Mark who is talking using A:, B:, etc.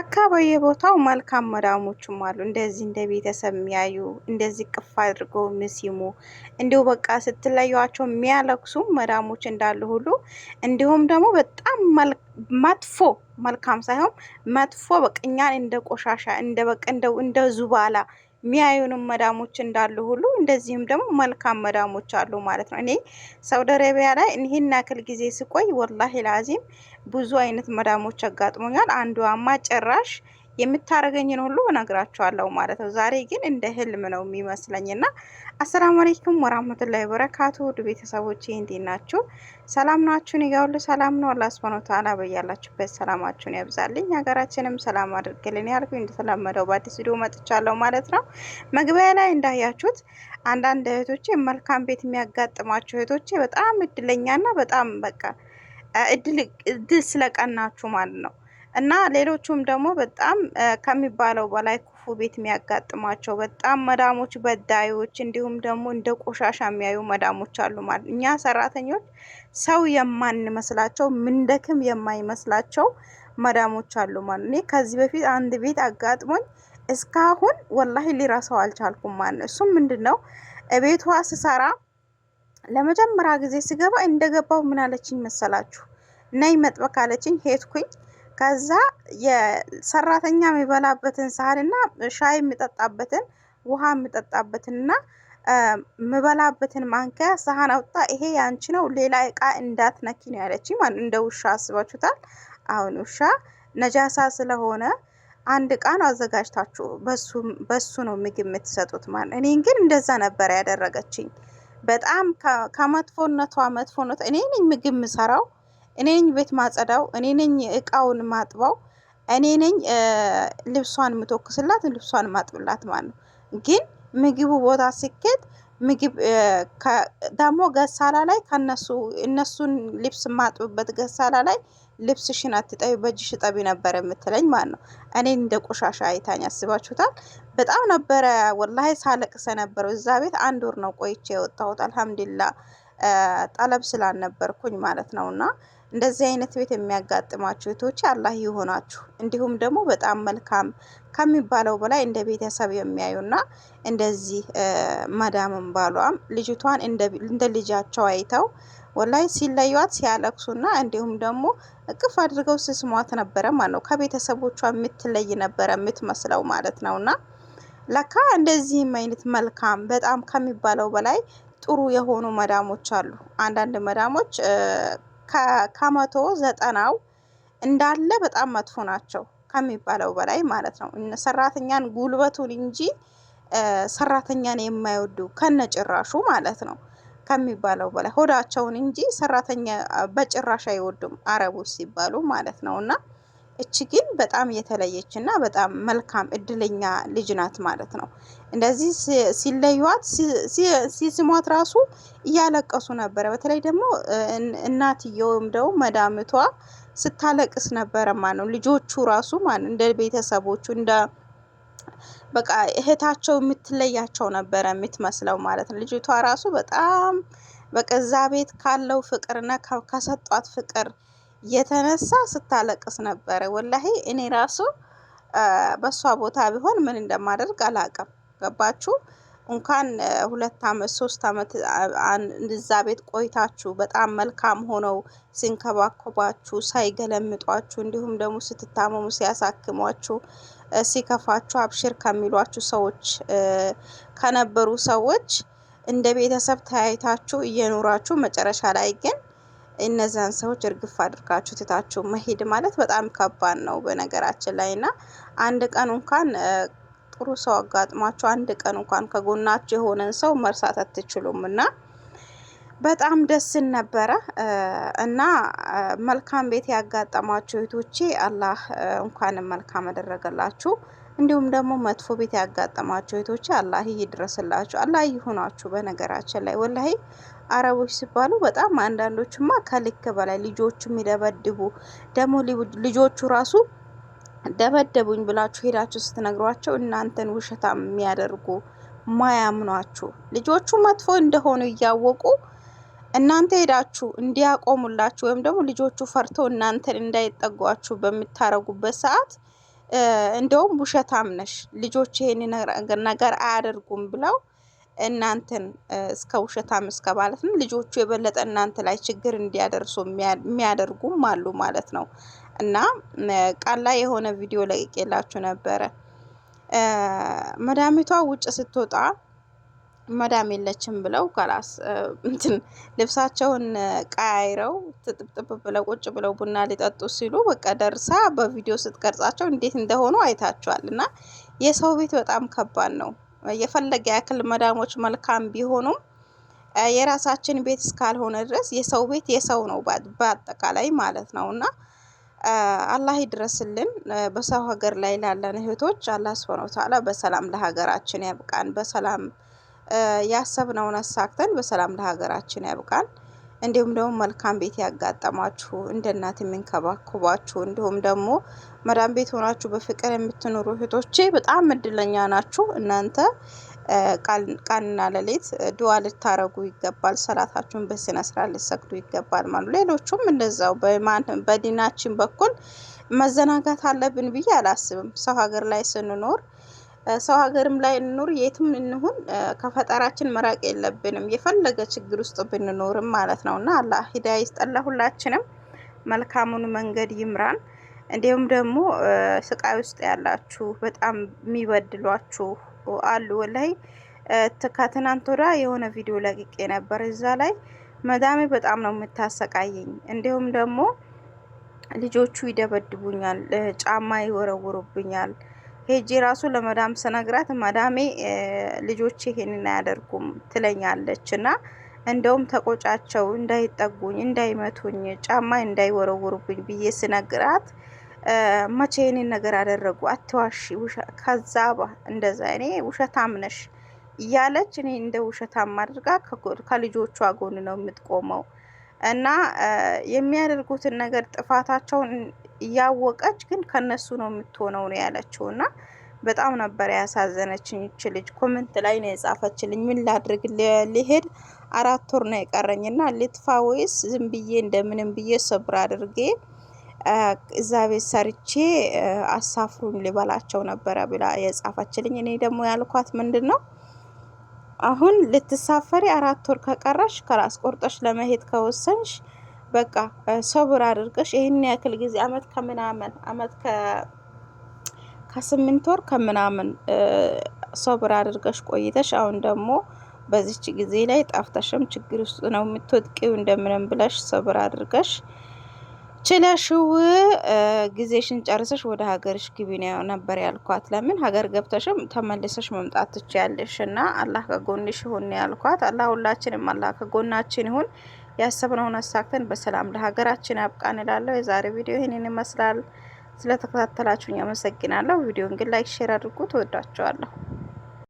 A: አካባቢ የቦታው መልካም መዳሞችም አሉ። እንደዚህ እንደ ቤተሰብ የሚያዩ እንደዚህ ቅፍ አድርገው ምሲሙ እንዲሁ በቃ ስትለዩቸው የሚያለቅሱ መዳሞች እንዳሉ ሁሉ እንዲሁም ደግሞ በጣም መጥፎ መልካም ሳይሆን መጥፎ በቅኛን እንደ ቆሻሻ እንደ እንደ ዙባላ የሚያዩንም መዳሞች እንዳሉ ሁሉ እንደዚህም ደግሞ መልካም መዳሞች አሉ ማለት ነው። እኔ ሳውዲ አረቢያ ላይ ይህን ያክል ጊዜ ስቆይ ወላሂ ላዚም ብዙ አይነት መዳሞች አጋጥሞኛል። አንዷማ ጭራሽ የምታደርገኝን ሁሉ እነግራችኋለሁ ማለት ነው። ዛሬ ግን እንደ ህልም ነው የሚመስለኝ እና አሰላሙ አለይኩም ወራህመቱላሂ ወበረካቱ ውድ ቤተሰቦቼ እንዴት ናችሁ? ሰላም ናችሁን? እኔ ጋ ሁሉ ሰላም ነው። አላህ ሱብሃነሁ ወተዓላ በያላችሁበት ሰላማችሁን ያብዛልኝ፣ ሀገራችንም ሰላም አድርግልን ያልኩኝ እንደተለመደው በአዲስ ቪዲዮ መጥቻለሁ ማለት ነው። መግቢያ ላይ እንዳያችሁት አንዳንድ እህቶቼ መልካም ቤት የሚያጋጥማችሁ እህቶቼ በጣም እድለኛና በጣም በቃ እድል ስለቀናችሁ ማለት ነው እና ሌሎቹም ደግሞ በጣም ከሚባለው በላይ ክፉ ቤት የሚያጋጥማቸው በጣም መዳሞች በዳዮች፣ እንዲሁም ደግሞ እንደ ቆሻሻ የሚያዩ መዳሞች አሉ ማለት እኛ ሰራተኞች ሰው የማንመስላቸው ምንደክም የማይመስላቸው መዳሞች አሉ ማለት። እኔ ከዚህ በፊት አንድ ቤት አጋጥሞኝ እስካሁን ወላሂ ሊረሳው አልቻልኩም ማለት ነው። እሱም ምንድን ነው ቤቷ ስሰራ ለመጀመሪያ ጊዜ ስገባ እንደገባው ምን አለችኝ መሰላችሁ? ነይ መጥበቅ አለችኝ። ሄድኩኝ ከዛ የሰራተኛ የሚበላበትን እና ሻይ የሚጠጣበትን ውሃ እና የምበላበትን ማንኪያ ሳህን አውጣ፣ ይሄ ያንቺ ነው፣ ሌላ እቃ እንዳትነኪ ነው ያለች። ማለት እንደ ውሻ አስባችሁታል። አሁን ውሻ ነጃሳ ስለሆነ አንድ እቃ ነው አዘጋጅታችሁ በሱ ነው ምግብ የምትሰጡት ማለት። እኔን ግን እንደዛ ነበር ያደረገችኝ። በጣም ከመጥፎነቷ መጥፎነቷ እኔ ነኝ ምግብ የምሰራው እኔ ነኝ ቤት ማጸዳው፣ እኔ ነኝ እቃውን ማጥበው እኔ ነኝ ልብሷን የምተኩስላት፣ ልብሷን ማጥብላት ማለት ነው። ግን ምግቡ ቦታ ስኬት ምግብ ደግሞ ገሳላ ላይ ከነሱ እነሱን ልብስ ማጥብበት ገሳላ ላይ ሽን አትጠቢ በእጅሽ እጠቢ ነበር የምትለኝ ማለት ነው። እኔን እንደ ቆሻሻ አይታኝ አስባችሁታል። በጣም ነበረ ወላሂ ሳለቅሰ ነበረው። እዛ ቤት አንድ ወር ነው ቆይቼ የወጣሁት። አልሐምዱሊላህ ጠለብ ስላልነበርኩኝ ማለት ነው እና እንደዚህ አይነት ቤት የሚያጋጥማችሁ እህቶች አላህ ይሆናችሁ። እንዲሁም ደግሞ በጣም መልካም ከሚባለው በላይ እንደ ቤተሰብ የሚያዩና እንደዚህ መዳምን ባሏም ልጅቷን እንደ ልጃቸው አይተው ወላይ ሲለዩት ሲያለቅሱና እንዲሁም ደግሞ እቅፍ አድርገው ስስሟት ነበረ ማለት ነው። ከቤተሰቦቿ የምትለይ ነበረ የምትመስለው ማለት ነውና ለካ እንደዚህም አይነት መልካም በጣም ከሚባለው በላይ ጥሩ የሆኑ መዳሞች አሉ። አንዳንድ መዳሞች ከመቶ ዘጠናው እንዳለ በጣም መጥፎ ናቸው ከሚባለው በላይ ማለት ነው። ሰራተኛን ጉልበቱን እንጂ ሰራተኛን የማይወዱ ከነጭራሹ ማለት ነው ከሚባለው በላይ ሆዳቸውን እንጂ ሰራተኛ በጭራሽ አይወዱም አረቦች ሲባሉ ማለት ነው እና እች ግን በጣም የተለየች እና በጣም መልካም እድለኛ ልጅ ናት ማለት ነው። እንደዚህ ሲለዩዋት ሲስሟት ራሱ እያለቀሱ ነበረ። በተለይ ደግሞ እናትየው ደው መዳምቷ ስታለቅስ ነበረ ማለት ነው። ልጆቹ ራሱ ማለት እንደ ቤተሰቦቹ እንደ በቃ እህታቸው የምትለያቸው ነበረ የምትመስለው ማለት ነው። ልጅቷ ራሱ በጣም በቃ እዛ ቤት ካለው ፍቅርና ከሰጧት ፍቅር የተነሳ ስታለቅስ ነበረ። ወላሂ እኔ ራሱ በእሷ ቦታ ቢሆን ምን እንደማደርግ አላቅም። ገባችሁ? እንኳን ሁለት ዓመት ሶስት ዓመት እንድዛ ቤት ቆይታችሁ በጣም መልካም ሆነው ሲንከባከቧችሁ፣ ሳይገለምጧችሁ፣ እንዲሁም ደግሞ ስትታመሙ ሲያሳክሟችሁ፣ ሲከፋችሁ አብሽር ከሚሏችሁ ሰዎች ከነበሩ ሰዎች እንደ ቤተሰብ ተያይታችሁ እየኖራችሁ መጨረሻ ላይ ግን እነዚያን ሰዎች እርግፍ አድርጋችሁ ትታችሁ መሄድ ማለት በጣም ከባድ ነው። በነገራችን ላይ እና አንድ ቀን እንኳን ጥሩ ሰው አጋጥሟችሁ አንድ ቀን እንኳን ከጎናችሁ የሆነን ሰው መርሳት አትችሉም እና በጣም ደስን ነበረ እና መልካም ቤት ያጋጠማችሁ እህቶቼ አላህ እንኳንም መልካም አደረገላችሁ። እንዲሁም ደግሞ መጥፎ ቤት ያጋጠማችሁ እህቶቼ አላህ ይድረስላችሁ፣ አላህ ይሁናችሁ። በነገራችን ላይ ወላሂ አረቦች ሲባሉ በጣም አንዳንዶችማ ከልክ በላይ ልጆቹ የሚደበድቡ ደግሞ ልጆቹ ራሱ ደበደቡኝ ብላችሁ ሄዳችሁ ስትነግሯቸው እናንተን ውሸታም የሚያደርጉ ማያምኗችሁ ልጆቹ መጥፎ እንደሆኑ እያወቁ እናንተ ሄዳችሁ እንዲያቆሙላችሁ ወይም ደግሞ ልጆቹ ፈርተው እናንተን እንዳይጠጓችሁ በምታረጉበት ሰዓት እንደውም ውሸታም ነሽ ልጆች ይህን ነገር አያደርጉም ብለው እናንተን እስከ ውሸታም እስከ ማለትም ልጆቹ የበለጠ እናንተ ላይ ችግር እንዲያደርሱ የሚያደርጉም አሉ ማለት ነው። እና ቃል ላይ የሆነ ቪዲዮ ለቅቄላችሁ ነበረ። መዳሚቷ ውጭ ስትወጣ መዳም የለችም ብለው ካላስ እንትን ልብሳቸውን ቀያይረው ጥጥብጥብ ብለው ቁጭ ብለው ቡና ሊጠጡ ሲሉ በቃ ደርሳ በቪዲዮ ስትቀርጻቸው እንዴት እንደሆኑ አይታችኋል። እና የሰው ቤት በጣም ከባድ ነው። የፈለገ ያክል መዳሞች መልካም ቢሆኑም የራሳችን ቤት እስካልሆነ ድረስ የሰው ቤት የሰው ነው በአጠቃላይ ማለት ነው እና አላህ ይድረስልን። በሰው ሀገር ላይ ላለን እህቶች አላህ ሱብሃነሁ ወተዓላ በሰላም ለሀገራችን ያብቃን። በሰላም ያሰብነውን አሳክተን በሰላም ለሀገራችን ያብቃን። እንዲሁም ደግሞ መልካም ቤት ያጋጠማችሁ እንደ እናት እንዲሁም ደግሞ መዳን ቤት ሆናችሁ በፍቅር የምትኖሩ እህቶቼ በጣም እድለኛ ናችሁ። እናንተ ቀንና ሌሊት ድዋ ልታረጉ ይገባል። ሰላታችሁን በስነ ስርዓት ልትሰግዱ ይገባል ማለት ሌሎቹም እንደዛው በዲናችን በኩል መዘናጋት አለብን ብዬ አላስብም። ሰው ሀገር ላይ ስንኖር ሰው ሀገርም ላይ እንኑር የትም እንሁን ከፈጠራችን መራቅ የለብንም የፈለገ ችግር ውስጥ ብንኖርም ማለት ነው። እና አላህ ሂዳ ይስጠላ ሁላችንም መልካሙን መንገድ ይምራን። እንዲሁም ደግሞ ስቃይ ውስጥ ያላችሁ በጣም የሚበድሏችሁ አሉ። ወላሂ ከትናንት ወዳ የሆነ ቪዲዮ ለቅቄ ነበር። እዛ ላይ መዳሜ በጣም ነው የምታሰቃየኝ፣ እንዲሁም ደግሞ ልጆቹ ይደበድቡኛል፣ ጫማ ይወረውሩብኛል ሄጄ ራሱ ለመዳም ስነግራት መዳሜ ልጆች ይሄንን አያደርጉም ትለኛለች እና እንደውም ተቆጫቸው እንዳይጠጉኝ፣ እንዳይመቱኝ፣ ጫማ እንዳይወረውሩብኝ ብዬ ስነግራት መቼ ይህንን ነገር አደረጉ? አትዋሺ፣ ከዛ እንደዛ እኔ ውሸታም ነሽ እያለች እኔ እንደ ውሸታም አድርጋ ከልጆቿ ጎን ነው የምትቆመው እና የሚያደርጉትን ነገር ጥፋታቸውን እያወቀች ግን ከነሱ ነው የምትሆነው ነው ያለችው። እና በጣም ነበር ያሳዘነችኝ ይች ልጅ። ኮመንት ላይ ነው የጻፈችልኝ ምን ላድርግ ሊሄድ አራት ወር ነው የቀረኝ እና ልጥፋ ወይስ ዝም ብዬ እንደምንም ብዬ ሰብር አድርጌ እዛ ቤት ሰርቼ አሳፍሩኝ ልበላቸው ነበረ ብላ የጻፈችልኝ። እኔ ደግሞ ያልኳት ምንድን ነው አሁን ልትሳፈሪ አራት ወር ከቀረሽ ከራስ ቆርጠሽ ለመሄድ ከወሰንሽ በቃ ሰብር አድርገሽ ይህን ያክል ጊዜ አመት ከምናምን አመት ከስምንት ወር ከምናምን ሰብር አድርገሽ ቆይተሽ አሁን ደግሞ በዚች ጊዜ ላይ ጣፍተሽም ችግር ውስጥ ነው የምትወጥቂው። እንደምንም ብለሽ ሰብር አድርገሽ ችለሽው ጊዜሽን ጨርሰሽ ወደ ሀገርሽ ግቢ ነበር ያልኳት። ለምን ሀገር ገብተሽም ተመልሰሽ መምጣት ትችያለሽ እና አላህ ከጎንሽ ይሁን ያልኳት። አላህ ሁላችንም አላህ ከጎናችን ይሁን። ያሰብነውን አሳክተን በሰላም ለሀገራችን ያብቃን እላለሁ። የዛሬ ቪዲዮ ይህንን ይመስላል። ስለተከታተላችሁን ያመሰግናለሁ። ቪዲዮን ግን ላይክ፣ ሼር አድርጉ። ትወዳችኋለሁ።